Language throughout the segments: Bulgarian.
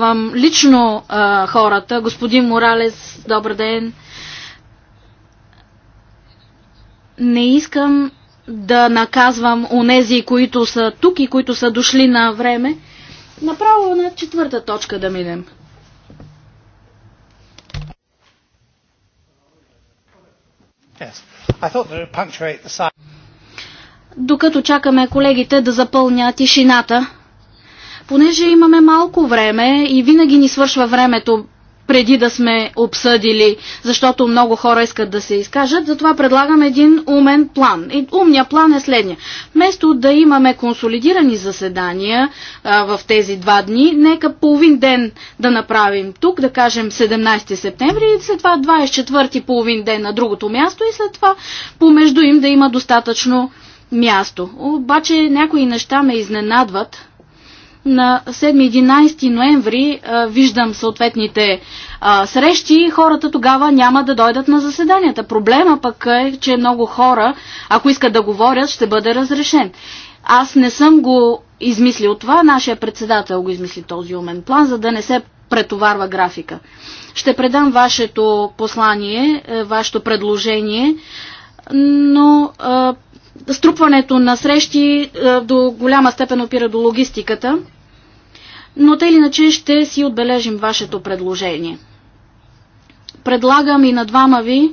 вам лично а, хората. Господин Моралес, добър ден. Не искам да наказвам онези, които са тук и които са дошли на време. Направо на четвърта точка да минем. Yes. Докато чакаме колегите да запълня тишината, Понеже имаме малко време и винаги ни свършва времето преди да сме обсъдили, защото много хора искат да се изкажат. Затова предлагам един умен план. И умният план е следния. Вместо да имаме консолидирани заседания а, в тези два дни, нека половин ден да направим тук, да кажем 17 септември и след това 24 половин ден на другото място и след това помежду им да има достатъчно място. Обаче някои неща ме изненадват, на 7-11 ноември виждам съответните срещи и хората тогава няма да дойдат на заседанията. Проблема пък е, че много хора, ако искат да говорят, ще бъде разрешен. Аз не съм го измислил това, нашия председател го измисли този умен план, за да не се претоварва графика. Ще предам вашето послание, е, вашето предложение, но струпването на срещи е, до голяма степен опира до логистиката, но те или иначе ще си отбележим вашето предложение. Предлагам и на двама ви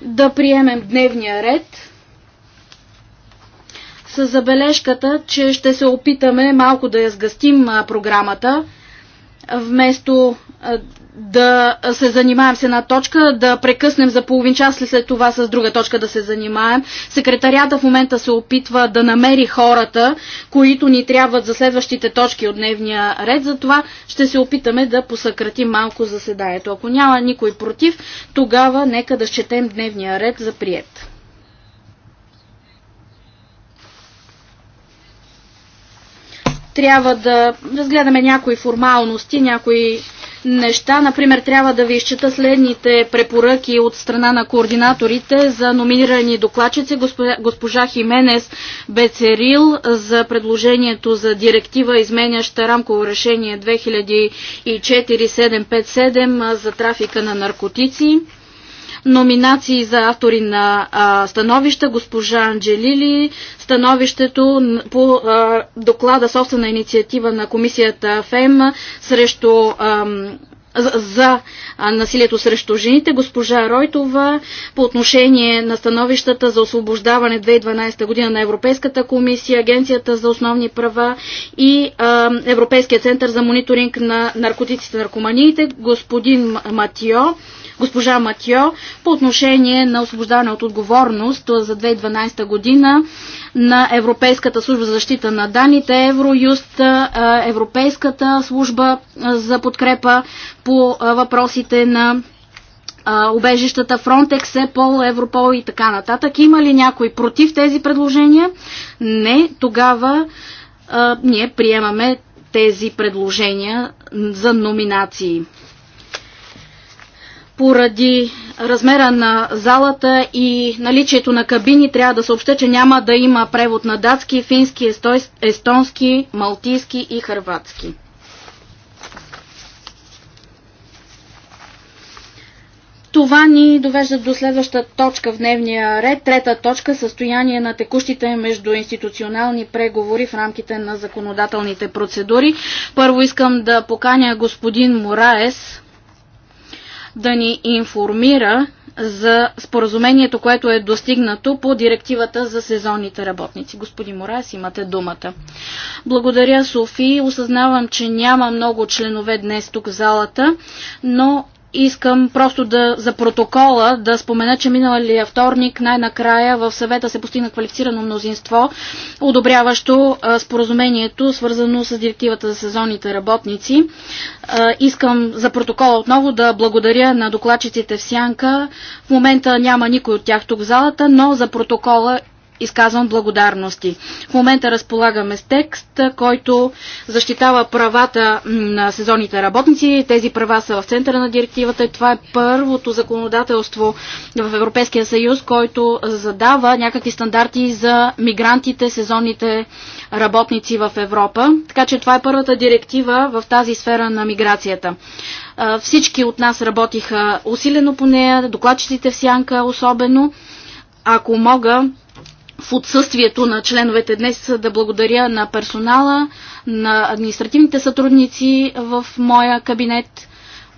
да приемем дневния ред с забележката, че ще се опитаме малко да я сгъстим програмата, вместо да се занимаем с една точка, да прекъснем за половин час и след това с друга точка да се занимаем. Секретарията в момента се опитва да намери хората, които ни трябват за следващите точки от дневния ред. Затова ще се опитаме да посъкратим малко заседанието. Ако няма никой против, тогава нека да счетем дневния ред за прият. Трябва да разгледаме някои формалности, някои неща. Например, трябва да ви изчета следните препоръки от страна на координаторите за номинирани докладчици. Госпожа, Хименес Бецерил за предложението за директива, изменяща рамково решение 2004-757 за трафика на наркотици номинации за автори на а, становища. Госпожа Анджелили, становището по а, доклада собствена инициатива на комисията ФЕМ срещу за насилието срещу жените, госпожа Ройтова по отношение на становищата за освобождаване 2012 година на Европейската комисия, Агенцията за основни права и Европейския център за мониторинг на наркотиците и наркоманиите, господин Матио, госпожа Матио по отношение на освобождаване от отговорност за 2012 година на Европейската служба за защита на данните, Евроюст, Европейската служба за подкрепа по въпросите на убежищата Фронтекс, Епол, Европол и така нататък. Има ли някой против тези предложения? Не, тогава а, ние приемаме тези предложения за номинации. Поради размера на залата и наличието на кабини трябва да съобща, че няма да има превод на датски, фински, естонски, малтийски и хърватски. Това ни довежда до следваща точка в дневния ред. Трета точка – състояние на текущите междуинституционални преговори в рамките на законодателните процедури. Първо искам да поканя господин Мораес да ни информира за споразумението, което е достигнато по директивата за сезонните работници. Господин Морас, имате думата. Благодаря, Софи. Осъзнавам, че няма много членове днес тук в залата, но Искам просто да, за протокола да спомена, че миналия вторник най-накрая в съвета се постигна квалифицирано мнозинство, одобряващо споразумението, свързано с директивата за сезонните работници. Искам за протокола отново да благодаря на докладчиците в Сянка. В момента няма никой от тях тук в залата, но за протокола изказвам благодарности. В момента разполагаме с текст, който защитава правата на сезонните работници. Тези права са в центъра на директивата и това е първото законодателство в Европейския съюз, който задава някакви стандарти за мигрантите, сезонните работници в Европа. Така че това е първата директива в тази сфера на миграцията. Всички от нас работиха усилено по нея, докладчиците в Сянка особено. Ако мога, в отсъствието на членовете днес да благодаря на персонала, на административните сътрудници в моя кабинет,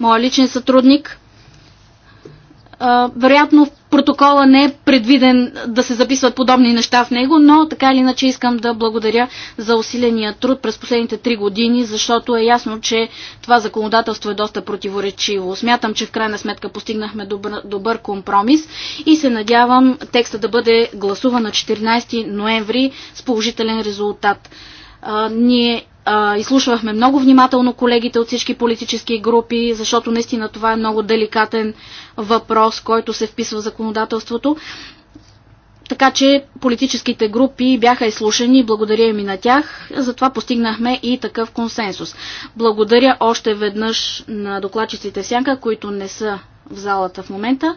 моя личен сътрудник вероятно в протокола не е предвиден да се записват подобни неща в него, но така или иначе искам да благодаря за усиления труд през последните три години, защото е ясно, че това законодателство е доста противоречиво. Смятам, че в крайна сметка постигнахме добър, добър компромис и се надявам текста да бъде гласуван на 14 ноември с положителен резултат. А, ние изслушвахме много внимателно колегите от всички политически групи, защото наистина това е много деликатен въпрос, който се вписва в законодателството. Така че политическите групи бяха изслушани, благодаря ми на тях, затова постигнахме и такъв консенсус. Благодаря още веднъж на докладчиците Сянка, които не са в залата в момента.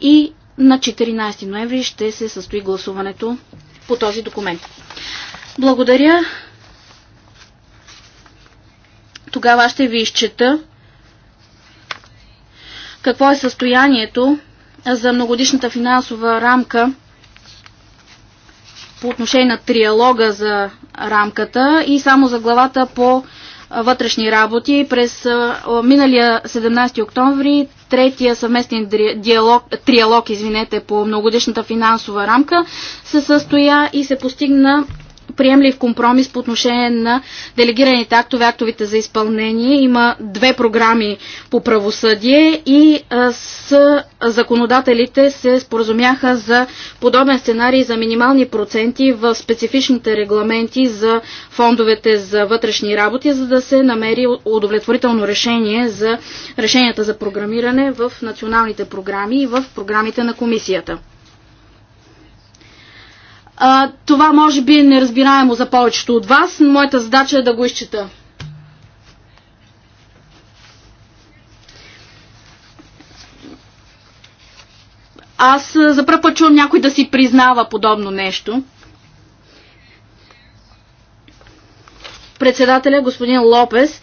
И на 14 ноември ще се състои гласуването по този документ. Благодаря тогава ще ви изчета какво е състоянието за многодишната финансова рамка по отношение на триалога за рамката и само за главата по вътрешни работи. През миналия 17 октомври третия съвместен диалог, триалог извинете, по многодишната финансова рамка се състоя и се постигна приемлив компромис по отношение на делегираните актове, актовите за изпълнение. Има две програми по правосъдие и с законодателите се споразумяха за подобен сценарий за минимални проценти в специфичните регламенти за фондовете за вътрешни работи, за да се намери удовлетворително решение за решенията за програмиране в националните програми и в програмите на комисията. А, това може би е неразбираемо за повечето от вас, но моята задача е да го изчита. Аз за първ път чувам някой да си признава подобно нещо. Председателя, господин Лопес,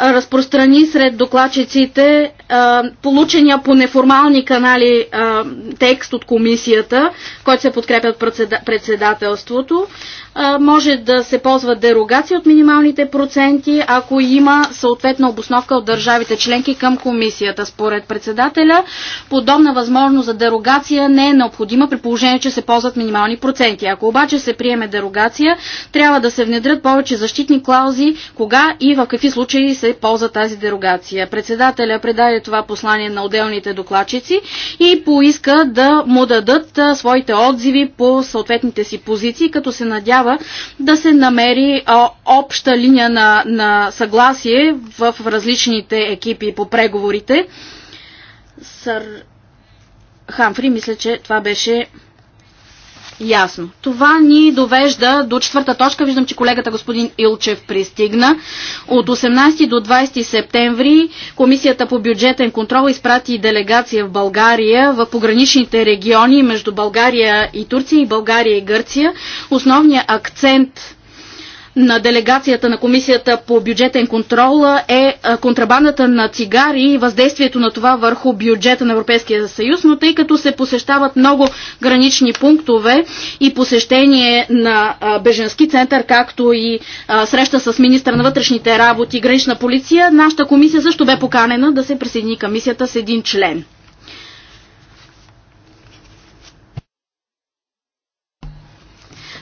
разпространи сред докладчиците получения по неформални канали текст от комисията, който се подкрепя председателството може да се ползва дерогация от минималните проценти, ако има съответна обосновка от държавите членки към комисията. Според председателя, подобна възможност за дерогация не е необходима при положение, че се ползват минимални проценти. Ако обаче се приеме дерогация, трябва да се внедрят повече защитни клаузи, кога и в какви случаи се ползва тази дерогация. Председателя предаде това послание на отделните докладчици и поиска да му дадат своите отзиви по съответните си позиции, като се надява трябва да се намери обща линия на, на съгласие в различните екипи по преговорите. Сър Хамфри, мисля, че това беше ясно. Това ни довежда до четвърта точка. Виждам, че колегата господин Илчев пристигна. От 18 до 20 септември Комисията по бюджетен контрол изпрати делегация в България в пограничните региони между България и Турция и България и Гърция. Основният акцент на делегацията на Комисията по бюджетен контрол е, е контрабандата на цигари и въздействието на това върху бюджета на Европейския съюз, но тъй като се посещават много гранични пунктове и посещение на беженски център, както и среща с министър на вътрешните работи и гранична полиция, нашата комисия също бе поканена да се присъедини към мисията с един член.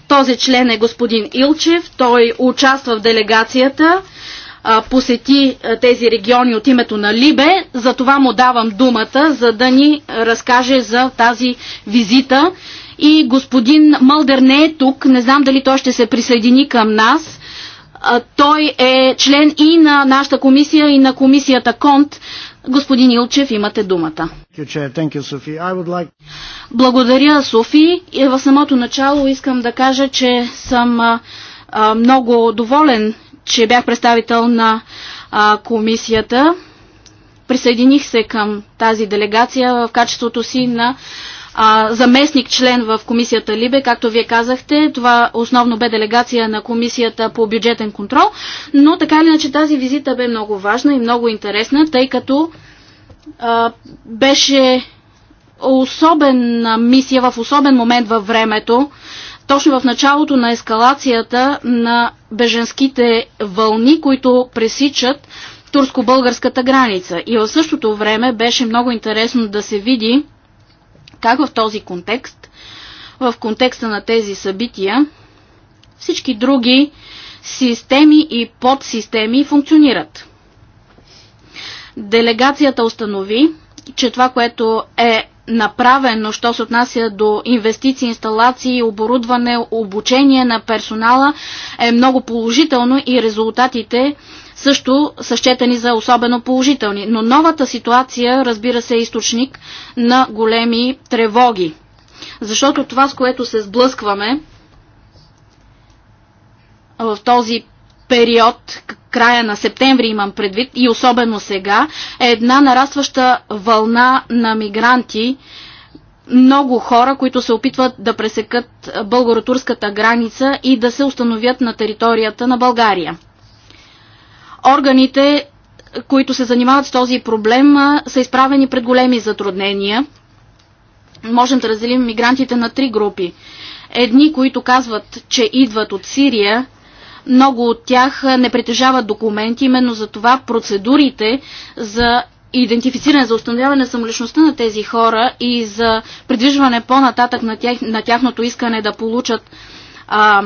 Този член е господин Илчев. Той участва в делегацията, посети тези региони от името на Либе. За това му давам думата, за да ни разкаже за тази визита. И господин Мълдер не е тук. Не знам дали той ще се присъедини към нас. Той е член и на нашата комисия, и на комисията Конт. Господин Илчев, имате думата. Благодаря, Софи. И в самото начало искам да кажа, че съм много доволен, че бях представител на комисията. Присъединих се към тази делегация в качеството си на а, заместник член в комисията Либе, както вие казахте. Това основно бе делегация на комисията по бюджетен контрол, но така или иначе тази визита бе много важна и много интересна, тъй като а, беше особена мисия в особен момент във времето, точно в началото на ескалацията на беженските вълни, които пресичат турско-българската граница. И в същото време беше много интересно да се види как в този контекст, в контекста на тези събития, всички други системи и подсистеми функционират? Делегацията установи, че това, което е направено, що се отнася до инвестиции, инсталации, оборудване, обучение на персонала е много положително и резултатите също са щетени за особено положителни. Но новата ситуация, разбира се, е източник на големи тревоги. Защото това, с което се сблъскваме в този период, края на септември имам предвид и особено сега, е една нарастваща вълна на мигранти, много хора, които се опитват да пресекат българо-турската граница и да се установят на територията на България. Органите, които се занимават с този проблем, са изправени пред големи затруднения. Можем да разделим мигрантите на три групи. Едни, които казват, че идват от Сирия много от тях е, не притежават документи, именно за това процедурите за идентифициране, за установяване на самоличността на тези хора и за придвижване по-нататък на, тях, на тяхното искане да получат а,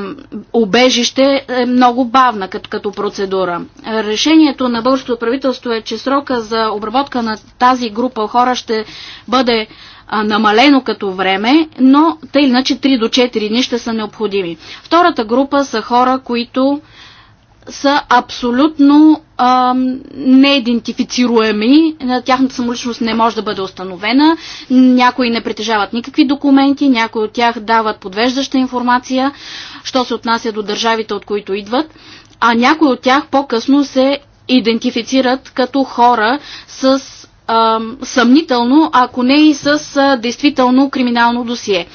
убежище е много бавна като, като процедура. Решението на българското правителство е, че срока за обработка на тази група хора ще бъде намалено като време, но тъй иначе 3 до 4 дни ще са необходими. Втората група са хора, които са абсолютно а, неидентифицируеми. Тяхната самоличност не може да бъде установена. Някои не притежават никакви документи, някои от тях дават подвеждаща информация, що се отнася до държавите, от които идват. А някои от тях по-късно се идентифицират като хора с а, съмнително, ако не и с а, действително криминално досие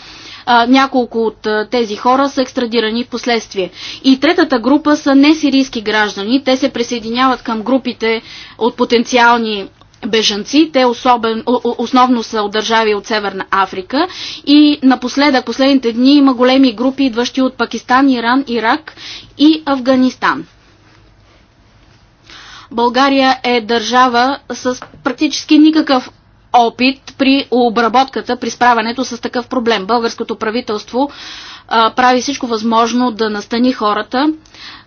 а, няколко от а, тези хора са екстрадирани в последствие. И третата група са несирийски граждани. Те се присъединяват към групите от потенциални бежанци. Те особен, основно са от държави от Северна Африка. И напоследък, последните дни има големи групи, идващи от Пакистан, Иран, Ирак и Афганистан. България е държава с практически никакъв опит при обработката, при справянето с такъв проблем. Българското правителство а, прави всичко възможно да настани хората,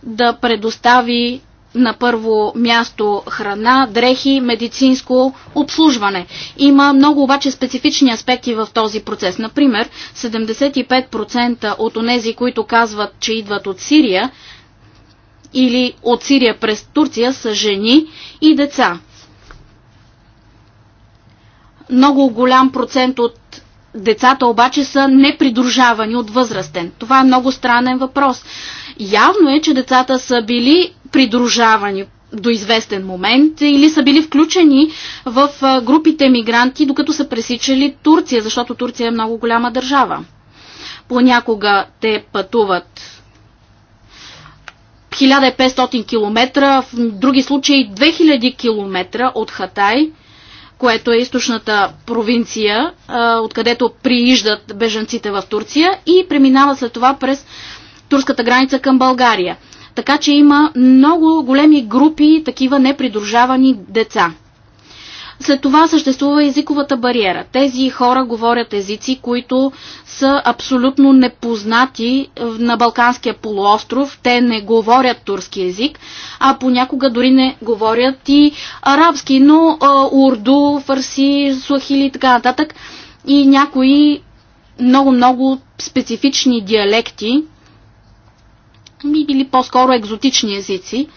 да предостави на първо място храна, дрехи, медицинско обслужване. Има много обаче специфични аспекти в този процес. Например, 75% от онези, които казват, че идват от Сирия или от Сирия през Турция, са жени и деца. Много голям процент от децата обаче са непридружавани от възрастен. Това е много странен въпрос. Явно е, че децата са били придружавани до известен момент или са били включени в групите мигранти, докато са пресичали Турция, защото Турция е много голяма държава. Понякога те пътуват 1500 км, в други случаи 2000 км от Хатай което е източната провинция, откъдето прииждат бежанците в Турция и преминава след това през турската граница към България. Така че има много големи групи такива непридружавани деца. След това съществува езиковата бариера. Тези хора говорят езици, които са абсолютно непознати на Балканския полуостров. Те не говорят турски език, а понякога дори не говорят и арабски, но а, урду, фарси, суахили и така нататък. И някои много-много специфични диалекти, или по-скоро екзотични езици,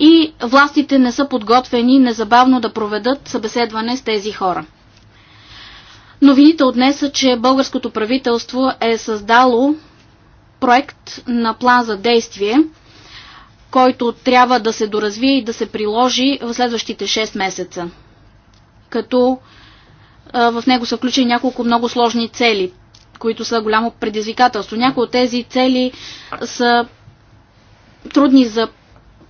и властите не са подготвени незабавно да проведат събеседване с тези хора. Новините отнеса, са, че българското правителство е създало проект на план за действие, който трябва да се доразвие и да се приложи в следващите 6 месеца. Като в него са включени няколко много сложни цели, които са голямо предизвикателство. Някои от тези цели са трудни за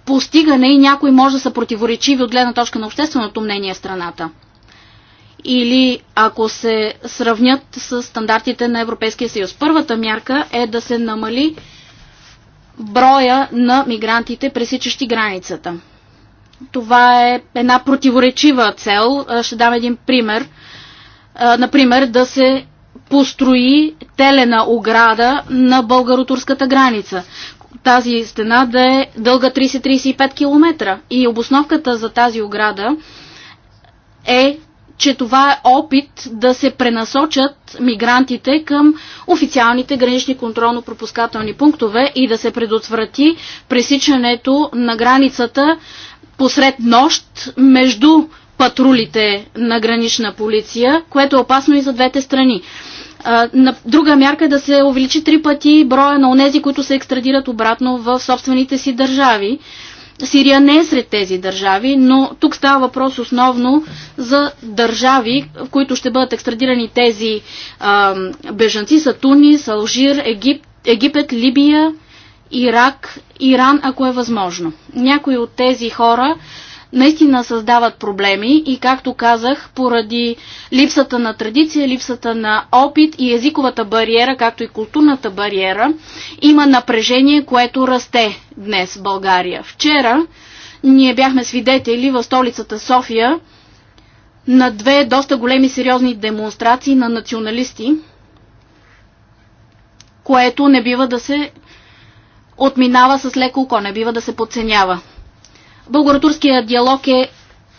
постигане и някои може да са противоречиви от гледна точка на общественото мнение в страната. Или ако се сравнят с стандартите на Европейския съюз. Първата мярка е да се намали броя на мигрантите, пресичащи границата. Това е една противоречива цел. Ще дам един пример. Например, да се построи телена ограда на българо-турската граница тази стена да е дълга 30-35 км. И обосновката за тази ограда е, че това е опит да се пренасочат мигрантите към официалните гранични контролно-пропускателни пунктове и да се предотврати пресичането на границата посред нощ между патрулите на гранична полиция, което е опасно и за двете страни. Друга мярка е да се увеличи три пъти броя на онези, които се екстрадират обратно в собствените си държави. Сирия не е сред тези държави, но тук става въпрос основно за държави, в които ще бъдат екстрадирани тези а, бежанци са Тунис, Алжир, Егип, Египет, Либия, Ирак, Иран, ако е възможно. Някои от тези хора наистина създават проблеми и, както казах, поради липсата на традиция, липсата на опит и езиковата бариера, както и културната бариера, има напрежение, което расте днес в България. Вчера ние бяхме свидетели в столицата София на две доста големи сериозни демонстрации на националисти, което не бива да се отминава с леко око, не бива да се подценява. Българо-турският диалог е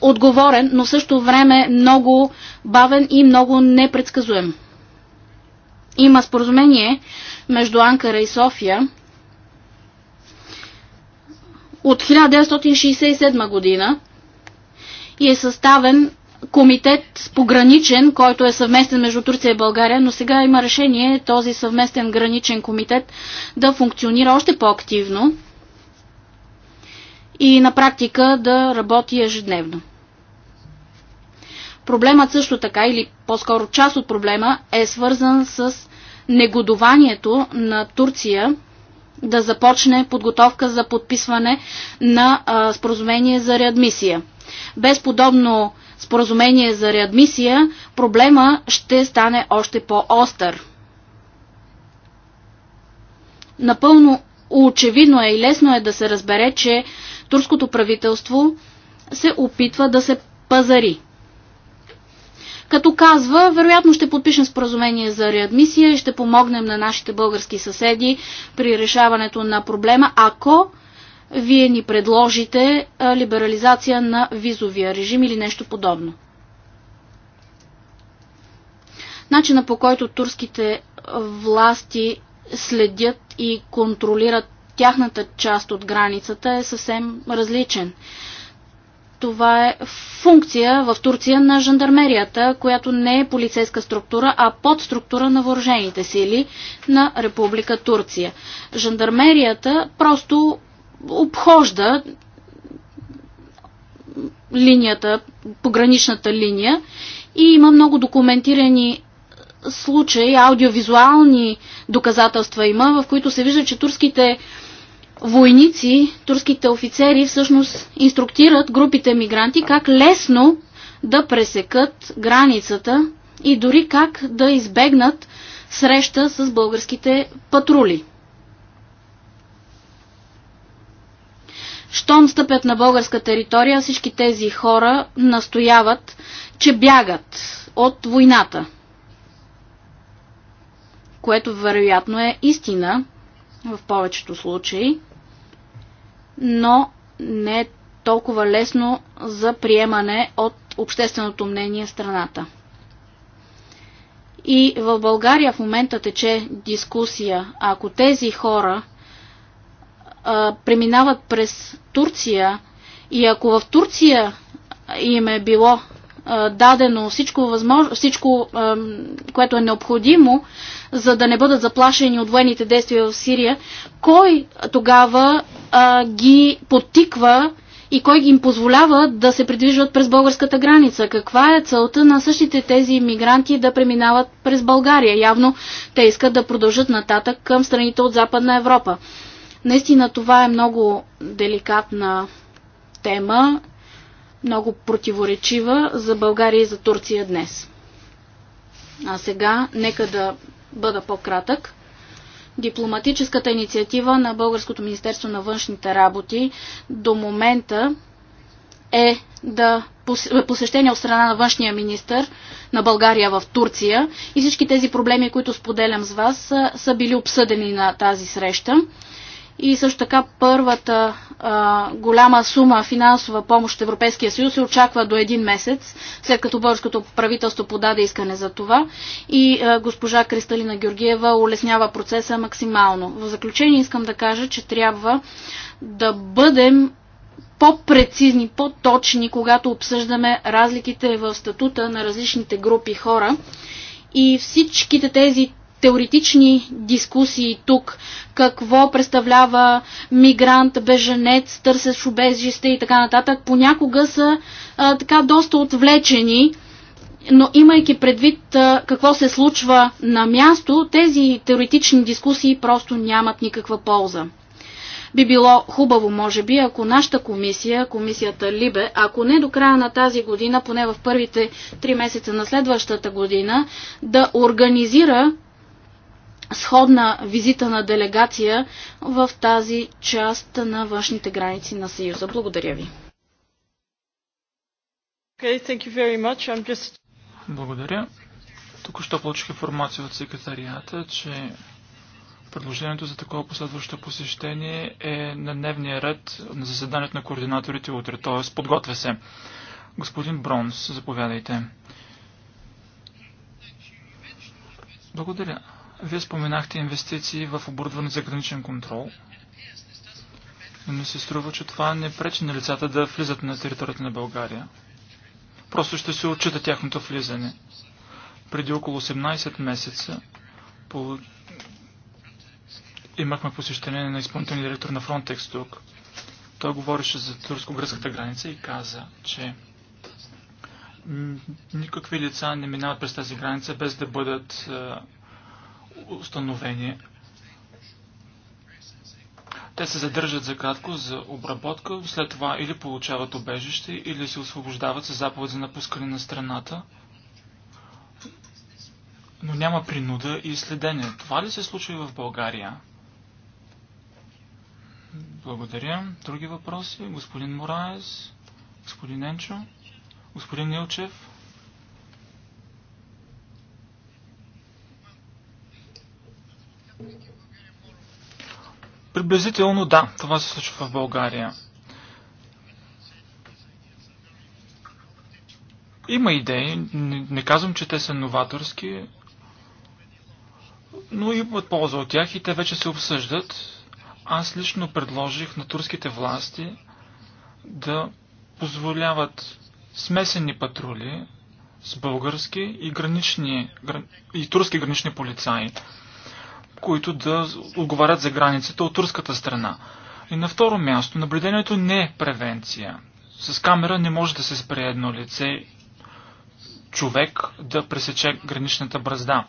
отговорен, но в същото време много бавен и много непредсказуем. Има споразумение между Анкара и София от 1967 година и е съставен комитет пограничен, който е съвместен между Турция и България, но сега има решение този съвместен граничен комитет да функционира още по-активно и на практика да работи ежедневно. Проблемът също така, или по-скоро част от проблема, е свързан с негодованието на Турция да започне подготовка за подписване на а, споразумение за реадмисия. Без подобно споразумение за реадмисия, проблема ще стане още по-остър. Напълно очевидно е и лесно е да се разбере, че турското правителство се опитва да се пазари. Като казва, вероятно ще подпишем споразумение за реадмисия и ще помогнем на нашите български съседи при решаването на проблема, ако вие ни предложите либерализация на визовия режим или нещо подобно. Начина по който турските власти следят и контролират тяхната част от границата е съвсем различен. Това е функция в Турция на жандармерията, която не е полицейска структура, а подструктура на въоръжените сили на Република Турция. Жандармерията просто обхожда линията, пограничната линия и има много документирани случаи, аудиовизуални доказателства има, в които се вижда, че турските войници, турските офицери всъщност инструктират групите мигранти как лесно да пресекат границата и дори как да избегнат среща с българските патрули. Щом стъпят на българска територия, всички тези хора настояват, че бягат от войната. Което вероятно е истина, в повечето случаи, но не е толкова лесно за приемане от общественото мнение в страната. И в България в момента тече дискусия, ако тези хора а, преминават през Турция и ако в Турция им е било е, дадено всичко, възможно, всичко е, което е необходимо, за да не бъдат заплашени от военните действия в Сирия, кой тогава е, ги подтиква и кой им позволява да се придвижват през българската граница? Каква е целта на същите тези мигранти да преминават през България? Явно те искат да продължат нататък към страните от Западна Европа. Наистина това е много деликатна тема много противоречива за България и за Турция днес. А сега нека да бъда по-кратък. Дипломатическата инициатива на Българското Министерство на външните работи до момента е да е посещение от страна на външния министр на България в Турция и всички тези проблеми, които споделям с вас, са, са били обсъдени на тази среща. И също така първата а, голяма сума финансова помощ от Европейския съюз се очаква до един месец, след като българското правителство подаде искане за това и а, госпожа Кристалина Георгиева улеснява процеса максимално. В заключение искам да кажа, че трябва да бъдем по-прецизни, по-точни, когато обсъждаме разликите в статута на различните групи хора. И всичките тези теоретични дискусии тук, какво представлява мигрант, беженец, търсещ убежище и така нататък, понякога са а, така доста отвлечени, но имайки предвид а, какво се случва на място, тези теоретични дискусии просто нямат никаква полза. Би било хубаво, може би, ако нашата комисия, комисията Либе, ако не до края на тази година, поне в първите три месеца на следващата година, да организира сходна визита на делегация в тази част на външните граници на Съюза. Благодаря ви. Благодаря. Току-що получих информация от секретарията, че предложението за такова последващо посещение е на дневния ред на заседанието на координаторите утре, т.е. подготвя се. Господин Бронс, заповядайте. Благодаря. Вие споменахте инвестиции в оборудване за граничен контрол. Но ми се струва, че това не пречи на лицата да влизат на територията на България. Просто ще се отчита тяхното влизане. Преди около 18 месеца по... имахме посещение на изпълнителния директор на Frontex тук. Той говореше за турско-гръцката граница и каза, че никакви лица не минават през тази граница без да бъдат установени. Те се задържат за кратко за обработка, след това или получават обежище, или се освобождават с заповед за напускане на страната. Но няма принуда и следение. Това ли се случва и в България? Благодаря. Други въпроси? Господин Мораес? Господин Енчо? Господин Нилчев? Приблизително да, това се случва в България. Има идеи, не казвам, че те са новаторски, но имат полза от тях и те вече се обсъждат. Аз лично предложих на турските власти да позволяват смесени патрули с български и, гранични, и турски гранични полицаи които да отговарят за границата от турската страна. И на второ място, наблюдението не е превенция. С камера не може да се спре едно лице, човек да пресече граничната бразда.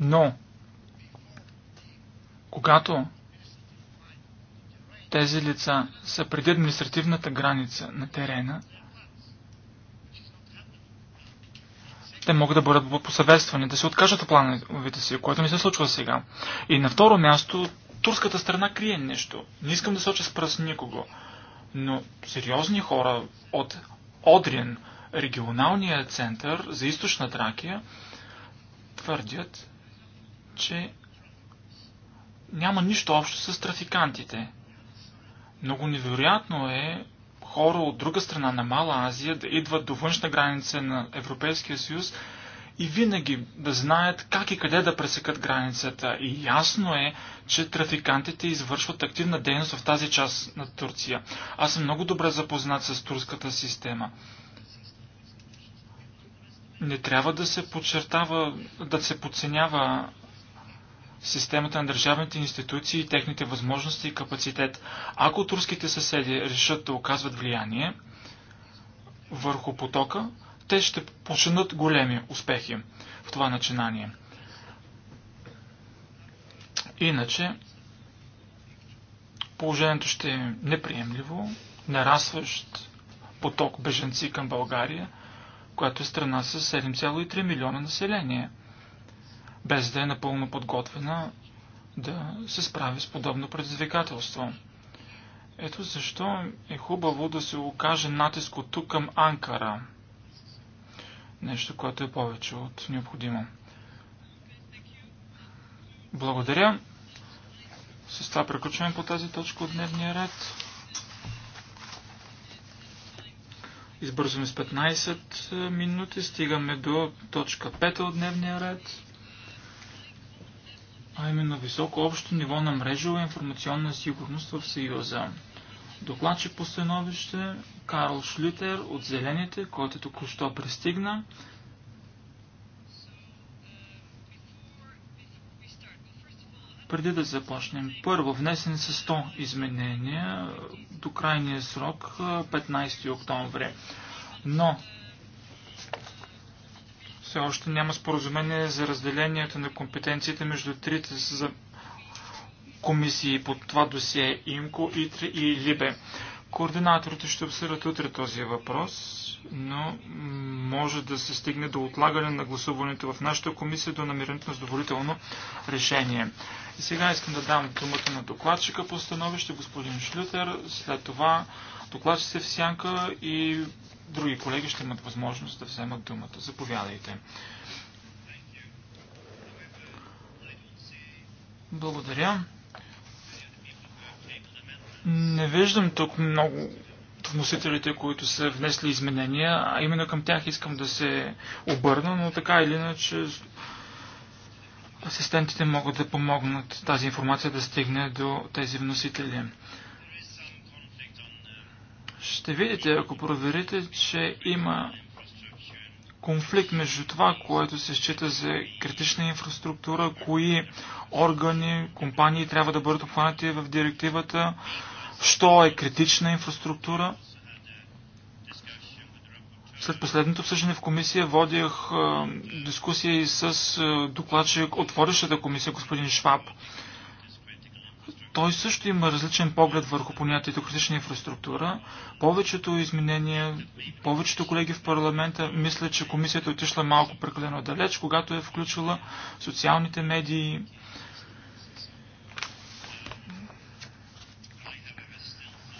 Но, когато тези лица са преди административната граница на терена, те могат да бъдат посъветствани да се откажат от плановете си, което не се случва сега. И на второ място, турската страна крие нещо. Не искам да соча с пръст никого, но сериозни хора от Одрин, регионалния център за източна Тракия, твърдят, че няма нищо общо с трафикантите. Много невероятно е хора от друга страна на Мала Азия да идват до външна граница на Европейския съюз и винаги да знаят как и къде да пресекат границата. И ясно е, че трафикантите извършват активна дейност в тази част на Турция. Аз съм много добре запознат с турската система. Не трябва да се подчертава, да се подценява системата на държавните институции, и техните възможности и капацитет. Ако турските съседи решат да оказват влияние върху потока, те ще починат големи успехи в това начинание. Иначе, положението ще е неприемливо, нарастващ поток беженци към България, която е страна с 7,3 милиона население – без да е напълно подготвена да се справи с подобно предизвикателство. Ето защо е хубаво да се окаже натиск от тук към Анкара. Нещо, което е повече от необходимо. Благодаря. С това приключваме по тази точка от дневния ред. Избързваме с 15 минути, стигаме до точка 5 от дневния ред а именно високо общо ниво на мрежова информационна сигурност в Съюза. Докладчик по становище Карл Шлютер от Зелените, който току-що пристигна. Преди да започнем, първо, внесени са 100 изменения до крайния срок 15 октомври. Но все още няма споразумение за разделението на компетенциите между трите за комисии по това досие ИМКО, ИТРИ и ЛИБЕ. Координаторите ще обсъдят утре този въпрос, но може да се стигне до отлагане на гласуването в нашата комисия до намирането на задоволително решение. И сега искам да дам думата на докладчика по становище, господин Шлютер. След това докладчи се в сянка и други колеги ще имат възможност да вземат думата. Заповядайте. Благодаря. Не виждам тук много вносителите, които са внесли изменения, а именно към тях искам да се обърна, но така или иначе асистентите могат да помогнат тази информация да стигне до тези вносители. Ще видите, ако проверите, че има конфликт между това, което се счита за критична инфраструктура, кои органи, компании трябва да бъдат обхванати в директивата, що е критична инфраструктура – след последното обсъждане в комисия водих дискусия и с докладчик от водещата комисия, господин Шваб. Той също има различен поглед върху понятието критична инфраструктура. Повечето изменения, повечето колеги в парламента мисля, че комисията отишла малко прекалено далеч, когато е включила социалните медии.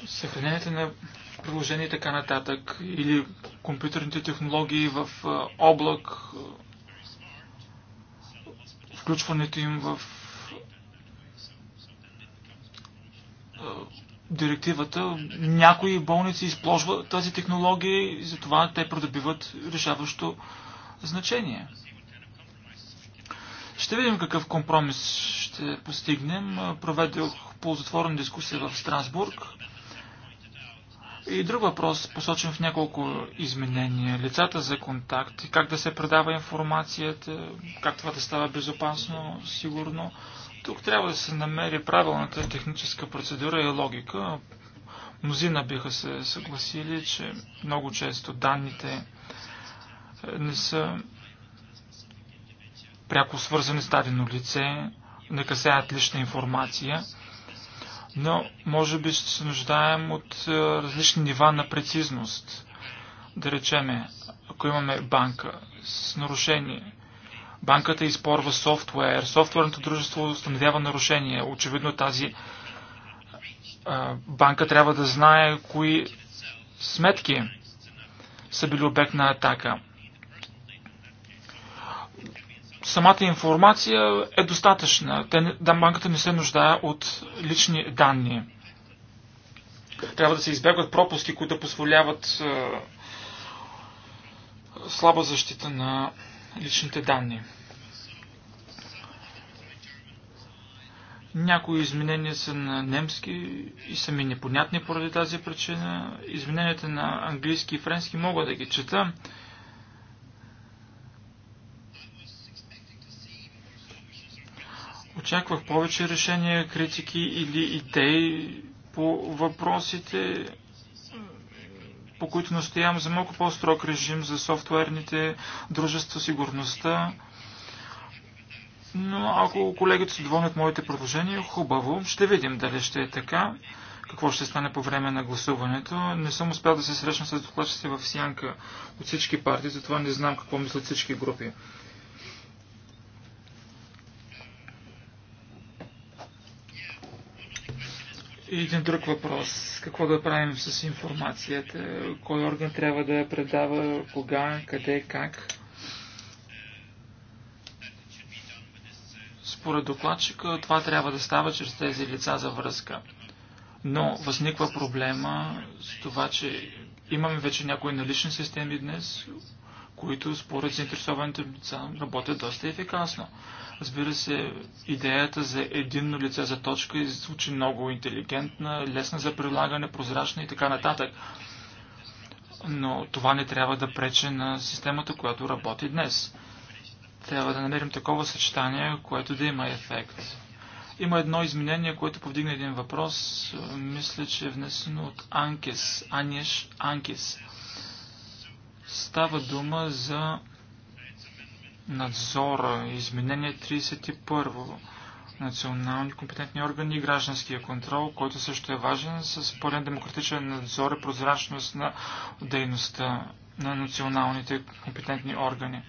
Съхранението на приложение и така нататък, или компютърните технологии в облак, включването им в директивата. Някои болници използват тази технология и затова те продобиват решаващо значение. Ще видим какъв компромис ще постигнем. Проведох ползотворна дискусия в Страсбург. И друг въпрос, посочен в няколко изменения. Лицата за контакт, как да се предава информацията, как това да става безопасно, сигурно. Тук трябва да се намери правилната техническа процедура и логика. Мнозина биха се съгласили, че много често данните е, не са пряко свързани с дадено лице, не касаят лична информация – но може би ще се нуждаем от е, различни нива на прецизност. Да речеме, ако имаме банка с нарушение, банката изпорва софтуер, софтуерното дружество установява нарушение. Очевидно тази е, банка трябва да знае кои сметки са били обект на атака самата информация е достатъчна. Те, да, банката не се нуждае от лични данни. Трябва да се избягват пропуски, които позволяват е, слаба защита на личните данни. Някои изменения са на немски и са ми непонятни поради тази причина. Измененията на английски и френски мога да ги чета. Очаквах повече решения, критики или идеи по въпросите, по които настоявам за малко по-строг режим за софтуерните дружества, сигурността. Но ако колегите са доволни от моите предложения, хубаво, ще видим дали ще е така, какво ще стане по време на гласуването. Не съм успял да се срещна с докладчици в сянка от всички партии, затова не знам какво мислят всички групи. И един друг въпрос. Какво да правим с информацията? Кой орган трябва да я предава? Кога? Къде? Как? Според докладчика това трябва да става чрез тези лица за връзка. Но възниква проблема с това, че имаме вече някои налични системи днес, които според заинтересованите лица работят доста ефикасно. Разбира се, идеята за единно лице за точка звучи много интелигентна, лесна за прилагане, прозрачна и така нататък. Но това не трябва да прече на системата, която работи днес. Трябва да намерим такова съчетание, което да има ефект. Има едно изменение, което повдигна един въпрос. Мисля, че е внесено от Анкес. Аниш Анкес Става дума за надзора, изменение 31, национални компетентни органи и гражданския контрол, който също е важен с пълен демократичен надзор и прозрачност на дейността на националните компетентни органи.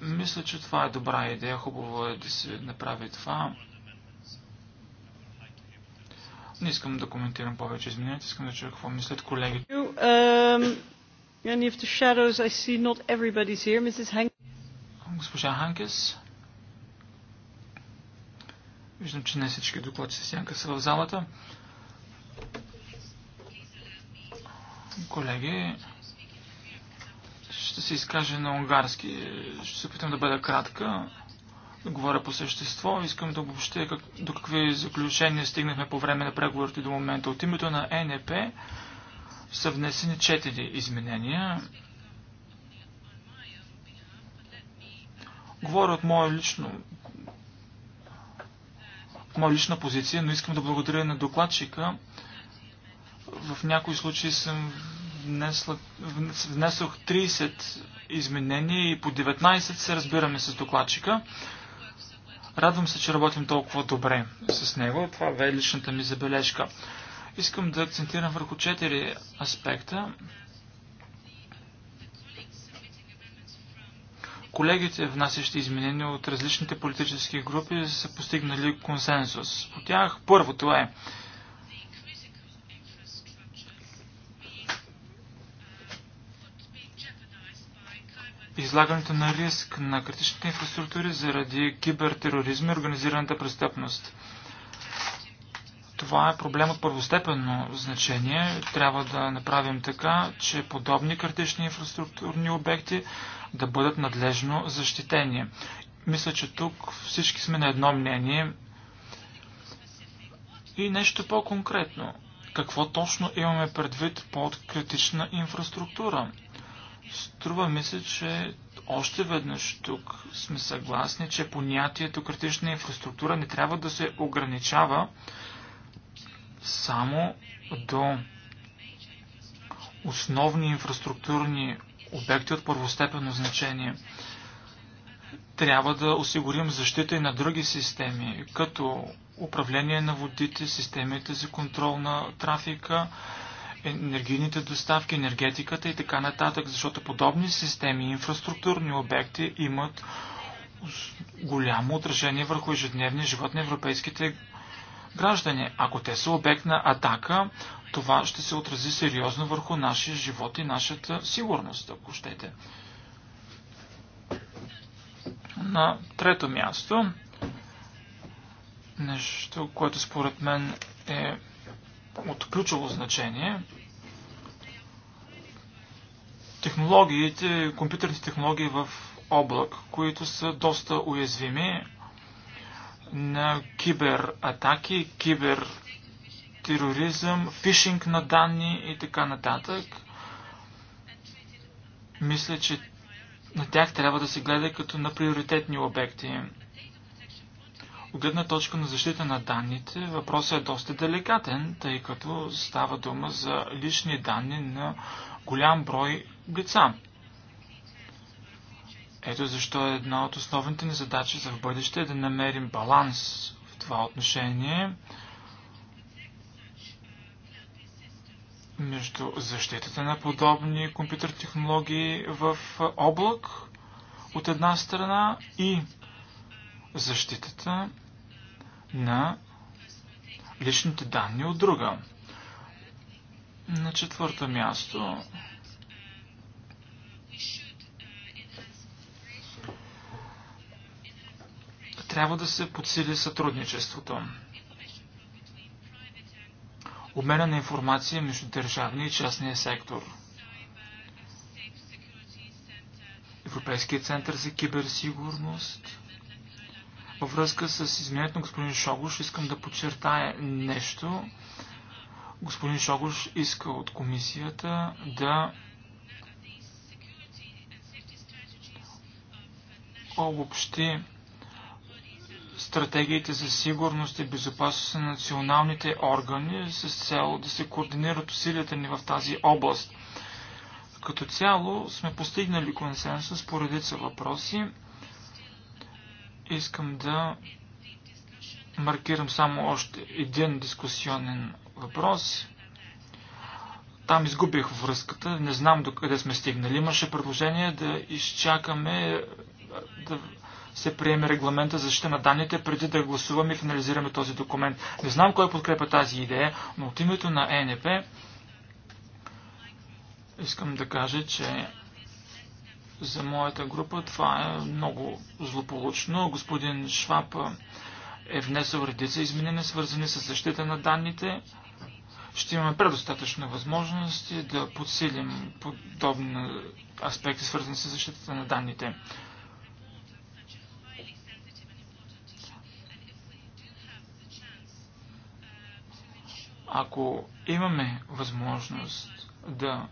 Мисля, че това е добра идея. Хубаво е да се направи това. Не искам да коментирам повече измененията, искам да чуя какво мислят колегите. Any of the shadows, I see not everybody's here. Mrs. Hank. Госпожа Ханкес. Виждам, че не всички с сянка са в залата. Колеги, ще се изкажа на унгарски. Ще се опитам да бъда кратка, да говоря по същество. Искам да обобщя как, до какви заключения стигнахме по време на преговорите до момента. От името на НЕП са внесени 4 изменения. Говоря от моя лично моя лична позиция, но искам да благодаря на докладчика. В някои случаи съм внесла, внесох 30 изменения и по 19 се разбираме с докладчика. Радвам се, че работим толкова добре с него. Това е личната ми забележка. Искам да акцентирам върху четири аспекта. Колегите, внасящи изменения от различните политически групи, са постигнали консенсус. По тях първо това е излагането на риск на критичните инфраструктури заради кибертероризма и организираната престъпност. Това е проблем от първостепенно значение. Трябва да направим така, че подобни критични инфраструктурни обекти да бъдат надлежно защитени. Мисля, че тук всички сме на едно мнение. И нещо по-конкретно. Какво точно имаме предвид под критична инфраструктура? Струва ми се, че още веднъж тук сме съгласни, че понятието критична инфраструктура не трябва да се ограничава само до основни инфраструктурни обекти от първостепенно значение. Трябва да осигурим защита и на други системи, като управление на водите, системите за контрол на трафика, енергийните доставки, енергетиката и така нататък, защото подобни системи и инфраструктурни обекти имат голямо отражение върху ежедневния живот на европейските Граждане, Ако те са обект на атака, това ще се отрази сериозно върху нашия живот и нашата сигурност, ако щете. На трето място, нещо, което според мен е от ключово значение, технологиите, компютърните технологии в облак, които са доста уязвими на кибератаки, кибертероризъм, фишинг на данни и така нататък. Мисля, че на тях трябва да се гледа като на приоритетни обекти. От гледна точка на защита на данните, въпросът е доста деликатен, тъй като става дума за лични данни на голям брой лица. Ето защо е една от основните ни задачи за в бъдеще е да намерим баланс в това отношение между защитата на подобни компютър технологии в облак от една страна и защитата на личните данни от друга. На четвърто място Трябва да се подсили сътрудничеството. Обмена на информация между държавния и частния сектор. Европейския център за киберсигурност. Във връзка с изменението на господин Шогуш искам да подчертая нещо. Господин Шогуш иска от комисията да обобщи стратегиите за сигурност и безопасност на националните органи с цел да се координират усилията ни в тази област. Като цяло сме постигнали консенсус по редица въпроси. Искам да маркирам само още един дискусионен въпрос. Там изгубих връзката, не знам до къде сме стигнали. Имаше предложение да изчакаме да се приеме регламента за защита на данните преди да гласуваме и финализираме този документ. Не знам кой подкрепа тази идея, но от името на ЕНП искам да кажа, че за моята група това е много злополучно. Господин Шваб е внесъл редица изменения, свързани с защита на данните. Ще имаме предостатъчно възможности да подсилим подобни аспекти, свързани с защитата на данните. Ако имаме възможност да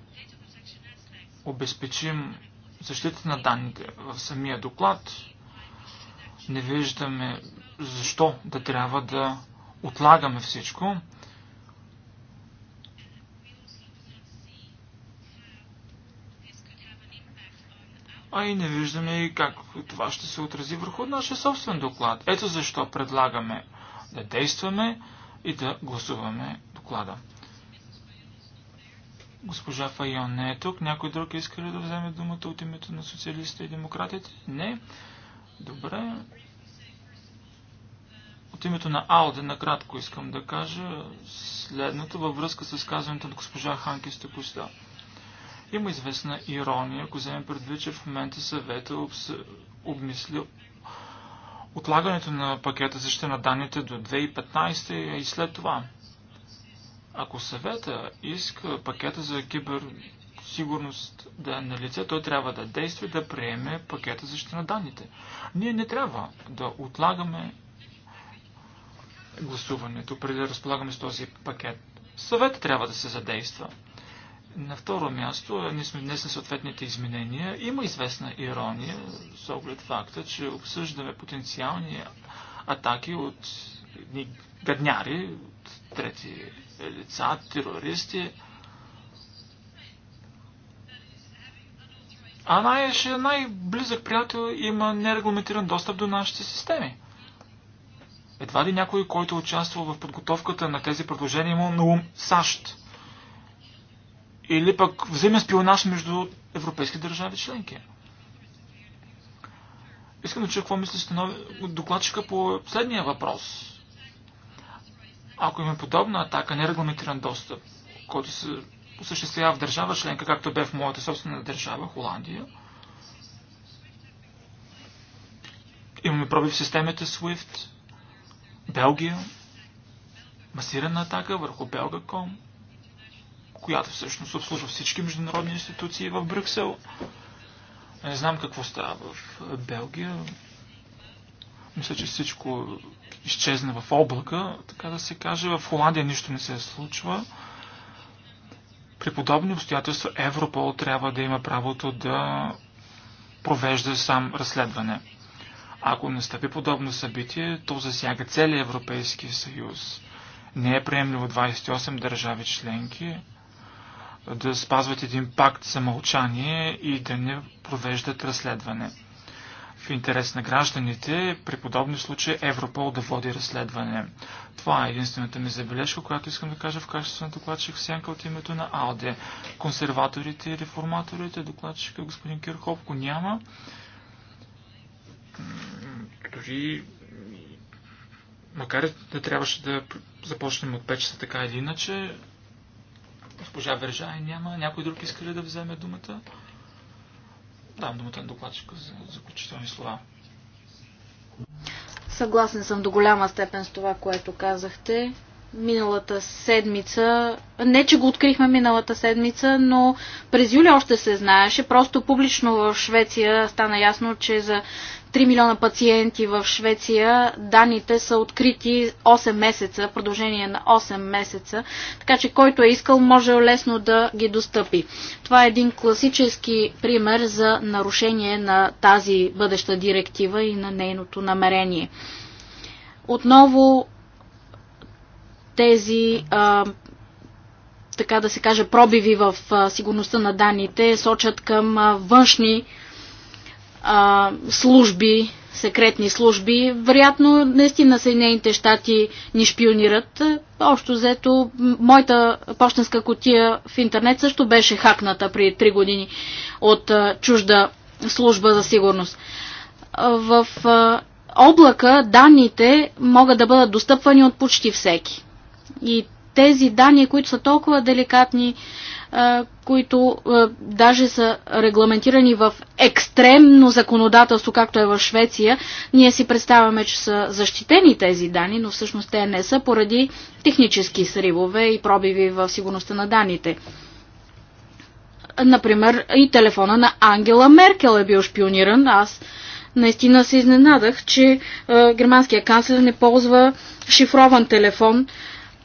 обезпечим защита на данните в самия доклад, не виждаме защо да трябва да отлагаме всичко. а и не виждаме и как това ще се отрази върху нашия собствен доклад. Ето защо предлагаме да действаме, и да гласуваме доклада. Госпожа Файон не е тук. Някой друг иска ли да вземе думата от името на социалистите и демократите? Не. Добре. От името на Алде накратко искам да кажа следното във връзка с казването на госпожа Ханки току Има известна ирония, ако вземем предвид, че в момента съвета обс... обмисли отлагането на пакета защита на данните до 2015 и след това. Ако съвета иска пакета за киберсигурност да е на лице, той трябва да действа и да приеме пакета за защита на данните. Ние не трябва да отлагаме гласуването преди да разполагаме с този пакет. Съвета трябва да се задейства. На второ място, ние сме внесли съответните изменения. Има известна ирония с оглед факта, че обсъждаме потенциални атаки от гадняри, от трети лица, терористи. А най- най-близък приятел има нерегламентиран достъп до нашите системи. Едва ли някой, който участва в подготовката на тези предложения, има на ум САЩ или пък взаимен спионаж между европейски държави членки. Искам да чуя какво мисли станови... докладчика по следния въпрос. Ако има подобна атака, нерегламентиран достъп, който се осъществява в държава членка, както бе в моята собствена държава, Холандия, имаме проби в системите SWIFT, Белгия, масирана атака върху Belga.com, която всъщност обслужва всички международни институции в Брюксел. Не знам какво става в Белгия. Мисля, че всичко изчезна в облака, така да се каже. В Холандия нищо не се случва. При подобни обстоятелства Европол трябва да има правото да провежда сам разследване. Ако настъпи подобно събитие, то засяга целия Европейски съюз. Не е приемливо 28 държави членки да спазват един пакт за мълчание и да не провеждат разследване. В интерес на гражданите, при подобни случаи Европол да води разследване. Това е единствената ми забележка, която искам да кажа в качеството на докладчик Сянка от името на АЛДЕ. Консерваторите и реформаторите, докладчика господин Кирхоп го няма. Дори макар и да трябваше да започнем от печета така или иначе, Госпожа Вержай няма. Някой друг иска ли да вземе думата? Дам думата на докладчика за заключителни слова. Съгласен съм до голяма степен с това, което казахте. Миналата седмица, не че го открихме миналата седмица, но през юли още се знаеше. Просто публично в Швеция стана ясно, че за 3 милиона пациенти в Швеция. Данните са открити 8 месеца, продължение на 8 месеца, така че който е искал може лесно да ги достъпи. Това е един класически пример за нарушение на тази бъдеща директива и на нейното намерение. Отново тези така да се каже, пробиви в сигурността на данните сочат към външни а, служби, секретни служби. Вероятно, наистина Съединените щати ни шпионират. Общо взето, моята почтенска котия в интернет също беше хакната при 3 години от а, чужда служба за сигурност. В а, облака данните могат да бъдат достъпвани от почти всеки. И тези данни, които са толкова деликатни, които даже са регламентирани в екстремно законодателство, както е в Швеция. Ние си представяме, че са защитени тези данни, но всъщност те не са поради технически сривове и пробиви в сигурността на данните. Например, и телефона на Ангела Меркел е бил шпиониран. Аз наистина се изненадах, че германския канцлер не ползва шифрован телефон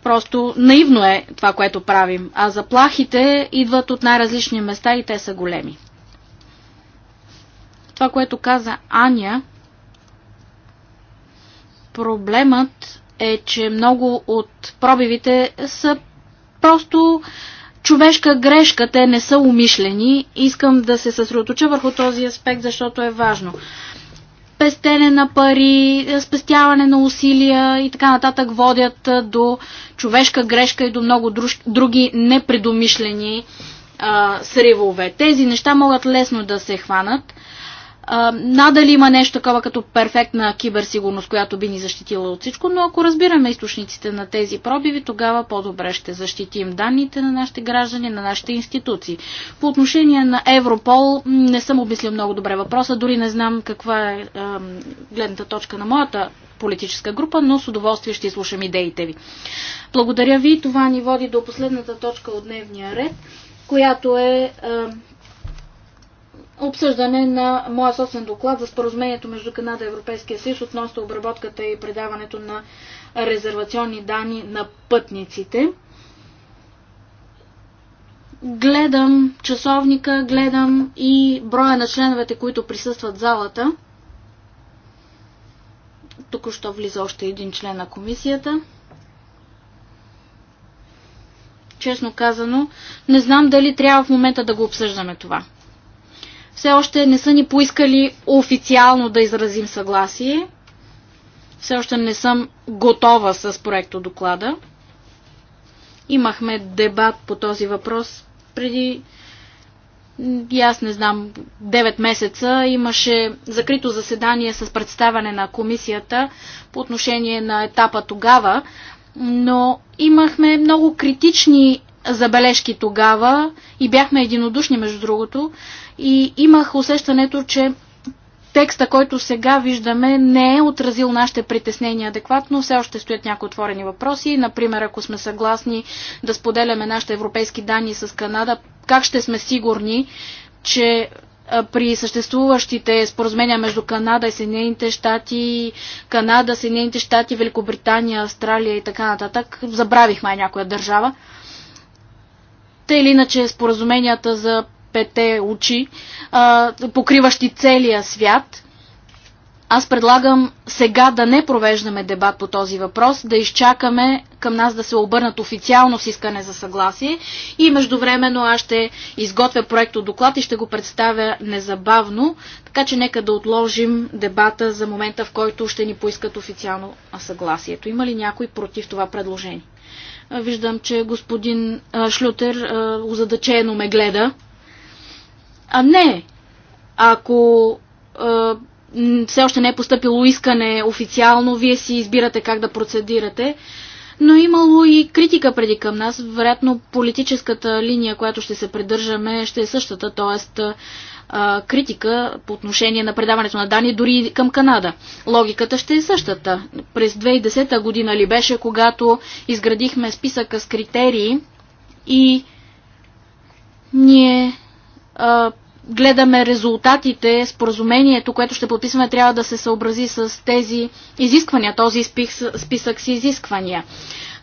Просто наивно е това, което правим. А заплахите идват от най-различни места и те са големи. Това, което каза Аня, проблемът е, че много от пробивите са просто човешка грешка, те не са умишлени. Искам да се съсредоточа върху този аспект, защото е важно пестене на пари, спестяване на усилия и така нататък водят до човешка грешка и до много други непредомишлени сривове. Тези неща могат лесно да се хванат а, надали има нещо такова като перфектна киберсигурност, която би ни защитила от всичко, но ако разбираме източниците на тези пробиви, тогава по-добре ще защитим данните на нашите граждани, на нашите институции. По отношение на Европол не съм обмислил много добре въпроса, дори не знам каква е а, гледната точка на моята политическа група, но с удоволствие ще изслушам идеите ви. Благодаря ви. Това ни води до последната точка от дневния ред, която е обсъждане на моя собствен доклад за споразумението между Канада и Европейския съюз относно обработката и предаването на резервационни данни на пътниците. Гледам часовника, гледам и броя на членовете, които присъстват в залата. Току-що влиза още един член на комисията честно казано, не знам дали трябва в момента да го обсъждаме това все още не са ни поискали официално да изразим съгласие. Все още не съм готова с проекто доклада. Имахме дебат по този въпрос преди аз не знам, 9 месеца имаше закрито заседание с представяне на комисията по отношение на етапа тогава, но имахме много критични забележки тогава и бяхме единодушни, между другото, и имах усещането, че текста, който сега виждаме, не е отразил нашите притеснения адекватно. Все още стоят някои отворени въпроси. Например, ако сме съгласни да споделяме нашите европейски данни с Канада, как ще сме сигурни, че при съществуващите споразумения между Канада и Съединените щати, Канада, Съединените щати, Великобритания, Австралия и така нататък, забравихме някоя държава. Те или иначе споразуменията за пете очи, покриващи целия свят. Аз предлагам сега да не провеждаме дебат по този въпрос, да изчакаме към нас да се обърнат официално с искане за съгласие и междувременно аз ще изготвя проекто доклад и ще го представя незабавно, така че нека да отложим дебата за момента, в който ще ни поискат официално съгласието. Има ли някой против това предложение? Виждам, че господин Шлютер озадачено ме гледа. А не, ако все още не е поступило искане официално, вие си избирате как да процедирате но имало и критика преди към нас. Вероятно политическата линия, която ще се придържаме, ще е същата, т.е. критика по отношение на предаването на данни дори и към Канада. Логиката ще е същата. През 2010 година ли беше, когато изградихме списъка с критерии и ние а, гледаме резултатите, споразумението, което ще подписваме, трябва да се съобрази с тези изисквания, този списък с изисквания.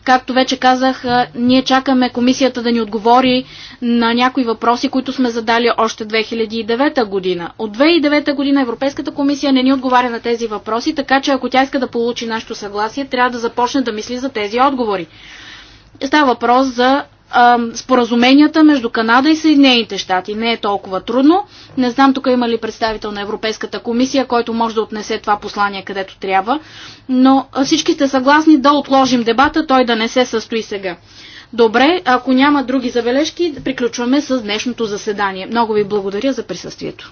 Както вече казах, ние чакаме комисията да ни отговори на някои въпроси, които сме задали още 2009 година. От 2009 година Европейската комисия не ни отговаря на тези въпроси, така че ако тя иска да получи нашето съгласие, трябва да започне да мисли за тези отговори. Става въпрос за споразуменията между Канада и Съединените щати. Не е толкова трудно. Не знам тук има ли представител на Европейската комисия, който може да отнесе това послание където трябва, но всички сте съгласни да отложим дебата, той да не се състои сега. Добре, ако няма други забележки, приключваме с днешното заседание. Много ви благодаря за присъствието.